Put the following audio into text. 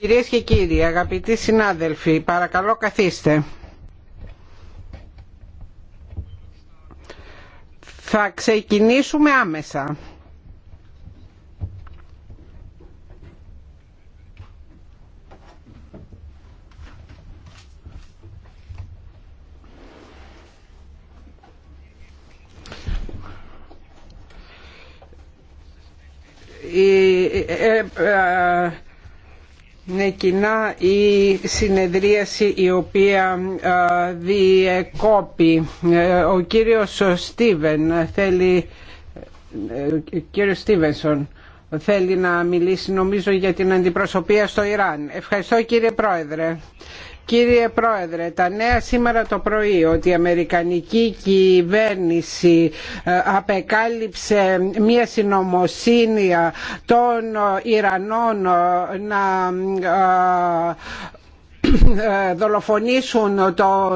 Κυρίες και κύριοι, αγαπητοί συνάδελφοι, παρακαλώ καθίστε. Θα ξεκινήσουμε άμεσα. η είναι κοινά η συνεδρίαση η οποία διεκόπη. Ο κύριος Στίβεν θέλει, κύριος Στίβενσον θέλει να μιλήσει νομίζω για την αντιπροσωπεία στο Ιράν. Ευχαριστώ κύριε Πρόεδρε. Κύριε Πρόεδρε, τα νέα σήμερα το πρωί ότι η Αμερικανική κυβέρνηση ε, απεκάλυψε μία συνωμοσύνη των ε, Ιρανών ε, να δολοφονήσουν το